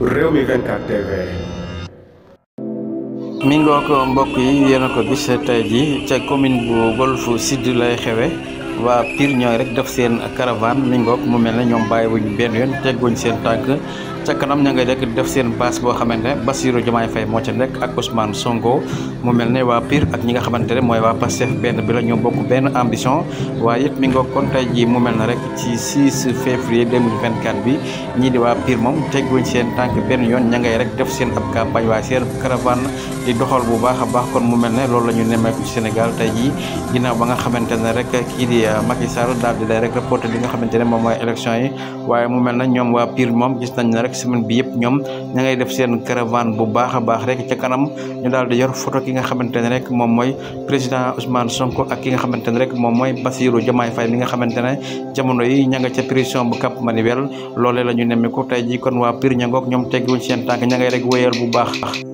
réew mi 24 mbokk yi yéen ko gis tey ji ca commune bu Golf Sud lay xewe waa Pire ñooy rek def seen caravane mi mu mel ñoom bàyyi wuñ benn yoon tegguñ seen tànk. ca kanam ñanga rek def seen base bo xamantene basiru jumaay fay mo ca nek ak Ousmane songo mu melne wa waa ak ñinga xamantene moy wa Pastef bi la ñoo bokku ben ambition waaye mi ngok kon tay ji mu melne rek ci 6 février 2024 bi ñi di waa mom moom tegguñ seen tank ben yoon ñanga rek def seen ab campagne wa seen caravane di doxal bu baaxa baax kon mu melne loolu la ñu nemmeeku ci Sénégal tay ji ginnaaw ba nga xamantene rek ki di euh, Macky Sall dal di rek reporter li nga xamantene mom moy election yi waye mu melne ñom wa waa mom gis nañ rek ak semaine bi yëpp ñoom ña def seen caravane bu baax a baax rek ca kanam ñu daal di yor photo ki nga xamante ne rek moom mooy président Ousmane Sonko ak ki nga xamante rek moom mooy Bassirou Diomaye Faye mi nga xamante ne jamono yi ña nga ca prison bu Cap Manuel loolee la ñu nemmeeku tey ji kon waa Pire ña ñoom tegguñ seen tànk ña rek wéyal bu baax